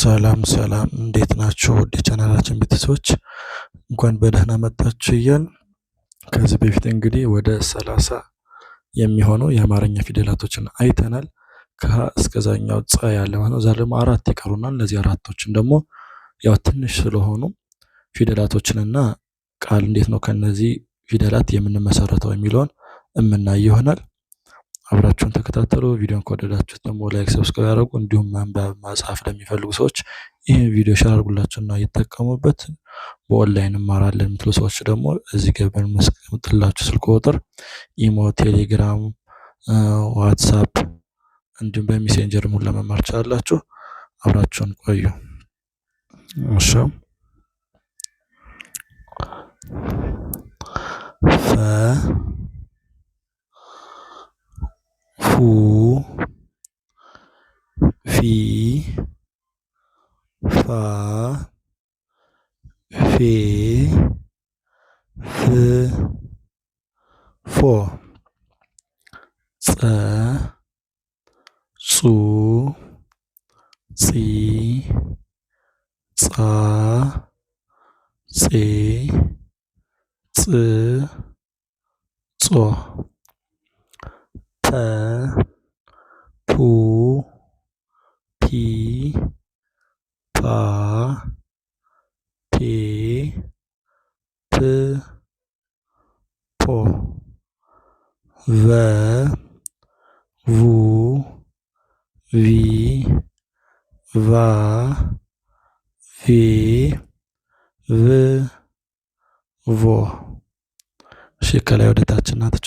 ሰላም ሰላም እንዴት ናችሁ? ወደ ቻናላችን ቤተሰቦች እንኳን በደህና መጣችሁ እያል ከዚህ በፊት እንግዲህ ወደ ሰላሳ የሚሆኑ የአማርኛ ፊደላቶችን አይተናል። ከሀ እስከዛኛው ፀ ያለ ማለት ነው። ዛሬ ደግሞ አራት ይቀሩናል። እነዚህ አራቶችን ደግሞ ያው ትንሽ ስለሆኑ ፊደላቶችንና ቃል እንዴት ነው ከነዚህ ፊደላት የምንመሰረተው የሚለውን እምናይ ይሆናል። አብራችሁን ተከታተሉ። ቪዲዮን ከወደዳችሁት ደግሞ ላይክ፣ ሰብስክራይብ ያደርጉ። እንዲሁም መንበብ መጽሐፍ ለሚፈልጉ ሰዎች ይህን ቪዲዮ ሼር አድርጉላችሁና ይጠቀሙበት። በኦንላይን እማራለን የምትሉ ሰዎች ደግሞ እዚህ ጋር መስቀምጥላችሁ ስልክ ቁጥር ኢሞ፣ ቴሌግራም፣ ዋትሳፕ እንዲሁም በሜሴንጀር ሙሉ ለመማር ትችላላችሁ። አብራችሁን ቆዩ። እሺ ፈ 五、非、乏、非、非、否、则、除、之、杂、之、子、左。ተ ፑ ፒ ፓ ፔ ፕ ፖ ቨ ቡ ቪ ቫ ቬ ቭ ቮ። እሺ ከላይ ወደ ታች እና ታች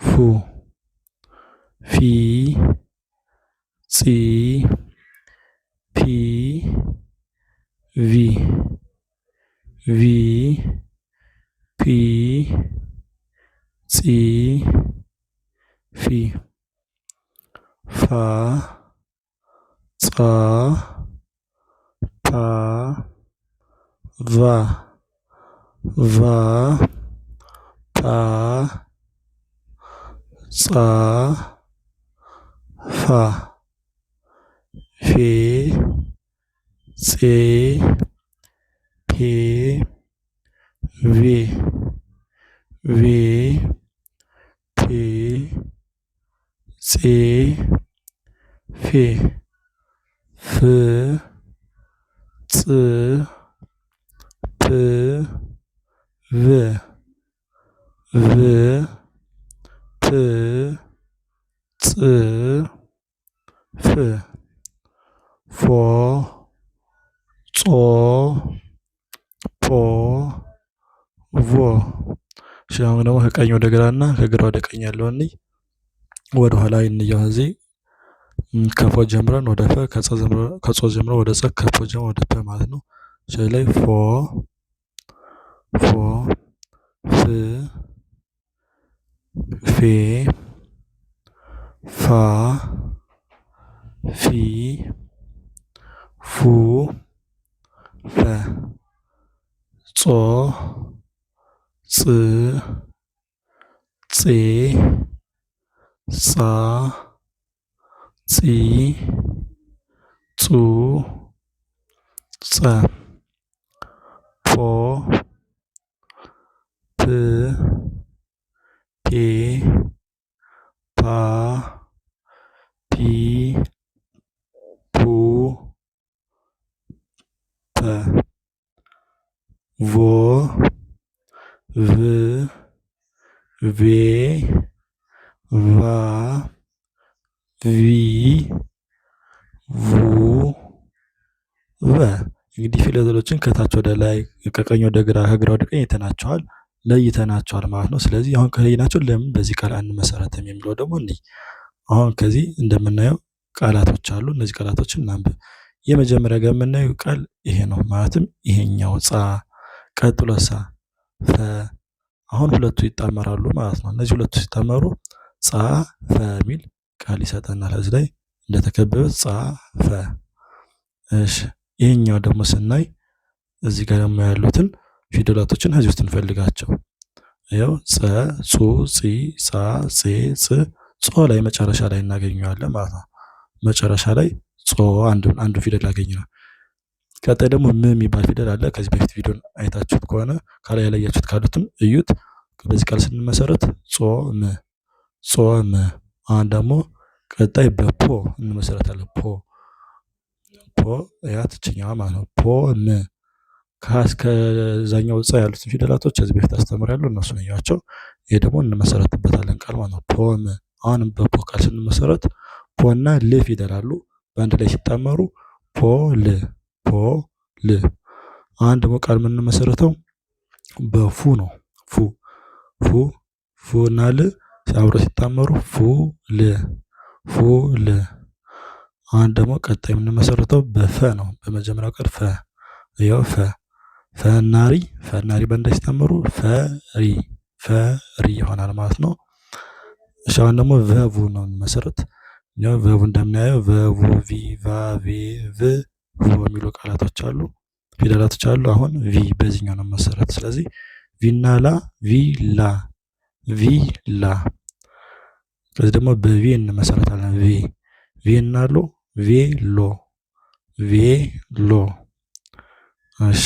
ፉ ፊ ጺ ፒ ቪ ቪ ፒ ጺ ፊ ፋ ጻ ፓ ቫ ቫ ፓ ጻ ፋ ፌ ፄ ፔ ቬ ቬ ፔ ፄ ፌ ፍ ፅ ፕ ቭ ቭ ት ጽ ፍ ፎ ጾ ፖ ቮ እሺ ደግሞ ከቀኝ ወደ ግራና ከግራ ወደ ቀኝ ያለውን ወደ ኋላ እንየው እዚህ ከፎ ጀምረን ወደ ፈ ከጾ ወደ ጸ ከፎ ወደ ማለት ነው። ላይ ፎ ፎ ፍ 北伐、匪夫、反左、子贼、杀子、主战、破子。ቮ ቭ ቬ ቫ ቪ ቩ ቨ እንግዲህ ፊደሎችን ከታች ወደ ላይ ከቀኝ ወደ ግራ ከግራ ወደ ቀኝ አይተናቸዋል፣ ለይተናቸዋል ማለት ነው። ስለዚህ አሁን ከለይናቸው ለምን በዚህ ቃል አንመሰረትም የሚለው ደግሞ እንዲህ አሁን ከዚህ እንደምናየው ቃላቶች አሉ። እነዚህ ቃላቶችን እናንብብ። የመጀመሪያ ጋር የምናየው ቃል ይሄ ነው። ማለትም ይሄኛው ጻ ቀጥሎሳ ፈ አሁን ሁለቱ ይጣመራሉ ማለት ነው። እነዚህ ሁለቱ ሲጣመሩ ጻ ፈ የሚል ቃል ይሰጠናል። እዚህ ላይ እንደተከበበ ጻ ፈ። እሺ ይህኛው ደግሞ ስናይ እዚህ ጋር ደግሞ ያሉትን ፊደላቶችን እዚህ ውስጥ እንፈልጋቸው። ያው ጸ፣ ጹ፣ ጺ፣ ጻ፣ ጼ፣ ጽ፣ ጾ ላይ መጨረሻ ላይ እናገኘዋለን ማለት ነው። መጨረሻ ላይ ጾ አንዱ አንዱ ፊደል ያገኘናል። ቀጣይ ደግሞ ም የሚባል ፊደል አለ። ከዚህ በፊት ቪዲዮን አይታችሁት ከሆነ ካላይ ያላያችሁት ካሉትም እዩት። በዚህ ቃል ስንመሰረት ጾም ጾም። አሁን ደግሞ ቀጣይ በፖ እንመሰረታለን። ፖ ፖ ያትችኛ ችኛዋ ማለት ነው። ፖ ም ከዛኛው ጻ ያሉትን ፊደላቶች ከዚህ በፊት አስተምራለሁ። እነሱን እያቸው። ይሄ ደግሞ እንመሰረትበታለን ቃል ማለት ነው። ፖም አሁንም በፖ ቃል ስንመሰረት ፖ እና ል ፊደል አሉ። በአንድ ላይ ሲጣመሩ ፖ ል ፖ ል አሁን ደግሞ ቃል የምንመሰረተው በፉ ነው። ፉ ፉ ፉ እና ል አብረው ሲጣመሩ ፉ ል ፉ ል አንድ ደግሞ ቀጣይ የምንመሰረተው በፈ ነው። በመጀመሪያው ቃል ፈ ያው ፈ ፈናሪ ፈናሪ በእንዳ ሲጣመሩ ፈሪ ፈሪ ይሆናል ማለት ነው። እሺ ደግሞ ቨቡ ነው የምንመሰረት ያው ቨቡ እንደምናየው ቨቡ ቪ ቫ ቪ ቭ ቪ የሚሉ ቃላቶች አሉ ፊደላቶች አሉ። አሁን ቪ በዚህኛው ነው መሰረት። ስለዚህ ቪና ላ ቪ ላ ስለዚህ ደግሞ በቪ እንመሰረታለን። ቪ ቪ እና ሎ ቬሎ ሎ። እሺ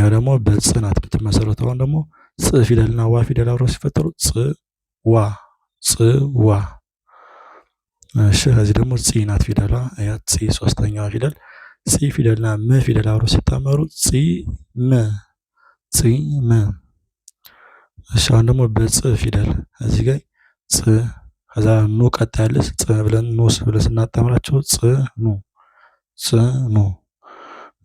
ያው ደግሞ በጽናት የምትመሰረተው አሁን ደግሞ ጽ ፊደልና ዋ ፊደል አብረው ሲፈጠሩ ጽ ዋ ዋ። እሺ ከዚህ ደግሞ ፂ ናት ፊደሏ ያ ጽ ሶስተኛዋ ፊደል ፂ ፊደልና መ ፊደል አብረው ሲጣመሩ ፂ መ ፂ መ። እሺ አሁን ደግሞ በጽ ፊደል እዚህ ጋር ጽ ከዛ ኑ ቀጥ ያለስ ጽ ብለን ኑስ ብለን ስናጣምራቸው ጽ ኑ ጽ ኑ።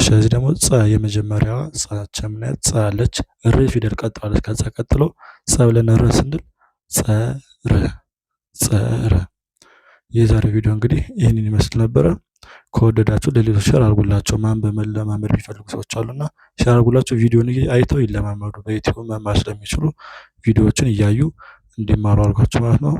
እሺ እዚህ ደግሞ ጸ የመጀመሪያዋ ጸች የምናያት ጸ አለች። ር ፊደል ቀጥላለች። ከዛ ቀጥሎ ጸ ብለን ር ስንል ጸ ር ጸ ር። የዛሬው ቪዲዮ እንግዲህ ይህንን ይመስል ነበረ። ከወደዳችሁ ለሌሎች ሸር አድርጉላቸው። ማንበብ መለማመድ የሚፈልጉ ሰዎች አሉና ሸር አርጉላቸው። ቪዲዮን አይተው ይለማመዱ። በዩቲዩብ መማር ስለሚችሉ ቪዲዮዎችን እያዩ እንዲማሩ አርጓቸው ማለት ነው።